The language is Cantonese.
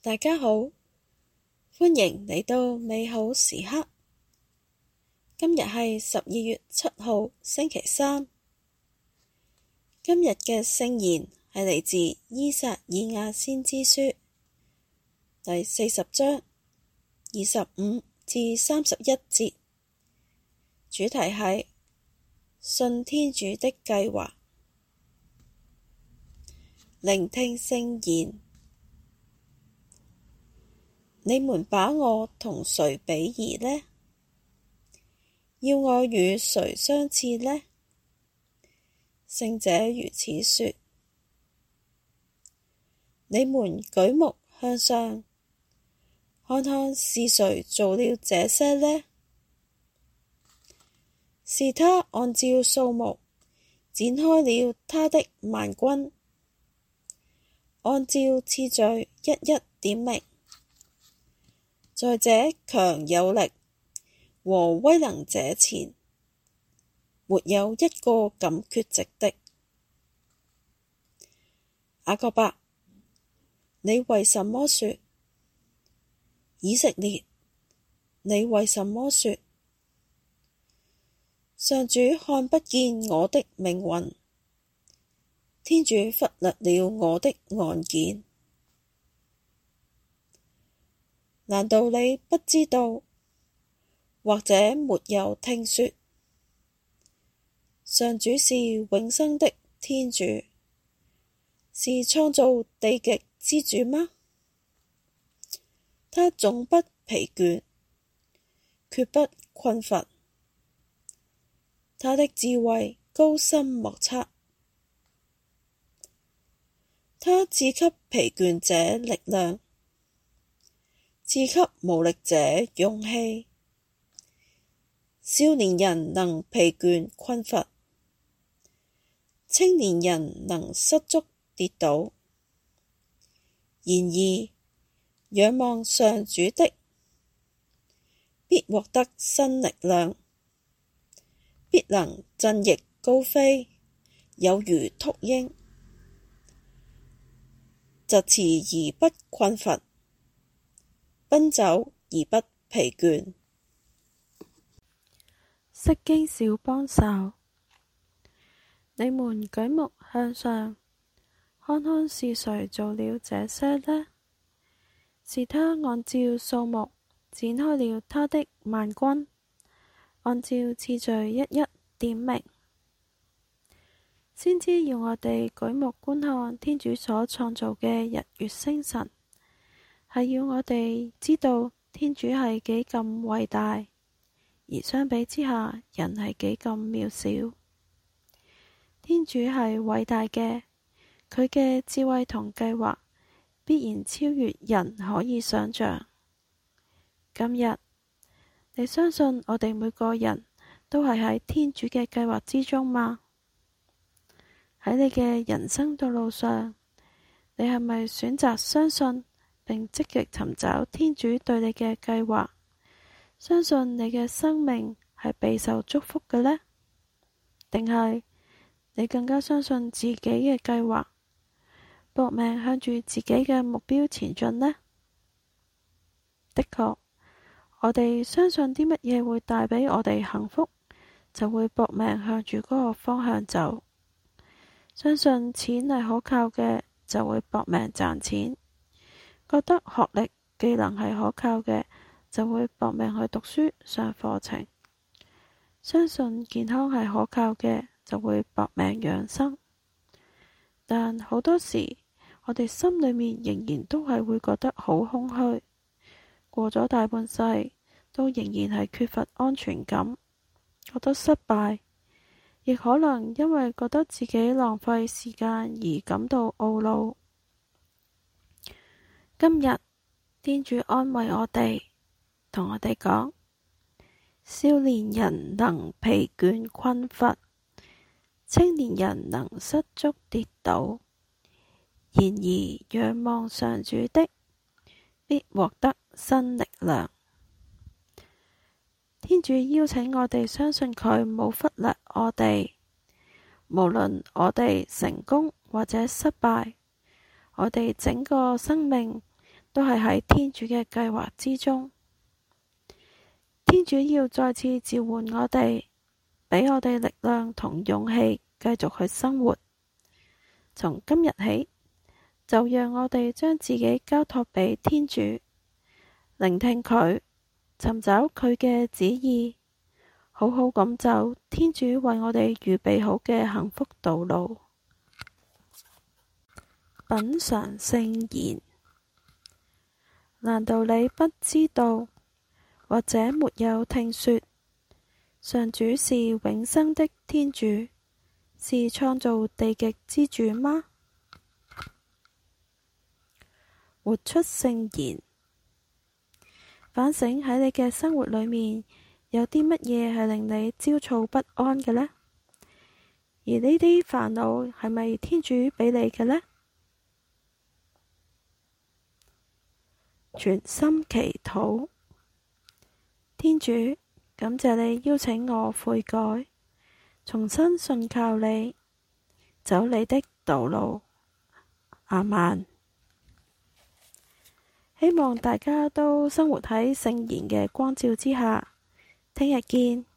大家好，歡迎嚟到美好時刻。今日係十二月七號星期三。今日嘅聖言係嚟自《依撒意亞先知書》第四十章二十五至三十一節，主題係信天主的計劃。聆聽聖言。你們把我同誰比擬呢？要我與誰相似呢？聖者如此説：你們舉目向上，看看是誰造了這些呢？是祂按照數目展開了祂的萬軍，按照次序一一點名。在這強有力和威能者前，沒有一個敢缺席的。雅各伯，你為什麼說以色列？你為什麼說上主看不見我的命運？天主忽略了，了我的案件？難道你不知道，或者沒有聽說，上主是永生的天主，是創造地極之主嗎？他總不疲倦，決不困乏，他的智慧高深莫測，他賜給疲倦者力量。賜給無力者勇氣。少年人能疲倦困乏，青年人能失足跌倒。然而，仰望上主的，必獲得新力量，必能振翼高飛，有如兀鷹，疾馳而不困乏。奔走而不疲倦。釋經小幫手。你們舉目向上，看看是誰造了這些呢？是他按照數目展開了他的萬軍，按照次序一一點名。先知要我哋舉目觀看天主所創造嘅日月星辰。係要我哋知道天主係幾咁偉大，而相比之下，人係幾咁渺小。天主係偉大嘅，佢嘅智慧同計劃必然超越人可以想象。今日你相信我哋每個人都係喺天主嘅計劃之中嗎？喺你嘅人生道路上，你係咪選擇相信？並積極尋找天主對你嘅計劃，相信你嘅生命係備受祝福嘅呢？定係你更加相信自己嘅計劃，搏命向住自己嘅目標前進呢？的確，我哋相信啲乜嘢會帶畀我哋幸福，就會搏命向住嗰個方向走；相信錢係可靠嘅，就會搏命賺錢。覺得學歷技能係可靠嘅，就會搏命去讀書上課程；相信健康係可靠嘅，就會搏命養生。但好多時，我哋心裡面仍然都係會覺得好空虛，過咗大半世都仍然係缺乏安全感，覺得失敗，亦可能因為覺得自己浪費時間而感到懊惱。今日天主安慰我哋，同我哋講：少年人能疲倦困乏，青年人能失足跌倒。然而仰望上主的，必獲得新力量。天主邀請我哋相信佢冇忽略我哋，無論我哋成功或者失敗，我哋整個生命，都係喺天主嘅計劃之中，天主要再次召喚我哋，俾我哋力量同勇氣，繼續去生活。從今日起，就讓我哋將自己交託俾天主，聆聽佢，尋找佢嘅旨意，好好咁走天主為我哋預備好嘅幸福道路。品嘗聖言。難道你不知道，或者沒有聽說，上主是永生的天主，是創造地極之主嗎？活出聖言，反省喺你嘅生活裏面，有啲乜嘢係令你焦躁不安嘅呢？而呢啲煩惱係咪天主畀你嘅呢？全心祈禱，天主，感謝你邀請我悔改，重新信靠你，走你的道路。阿門，希望大家都生活喺聖言嘅光照之下。聽日見。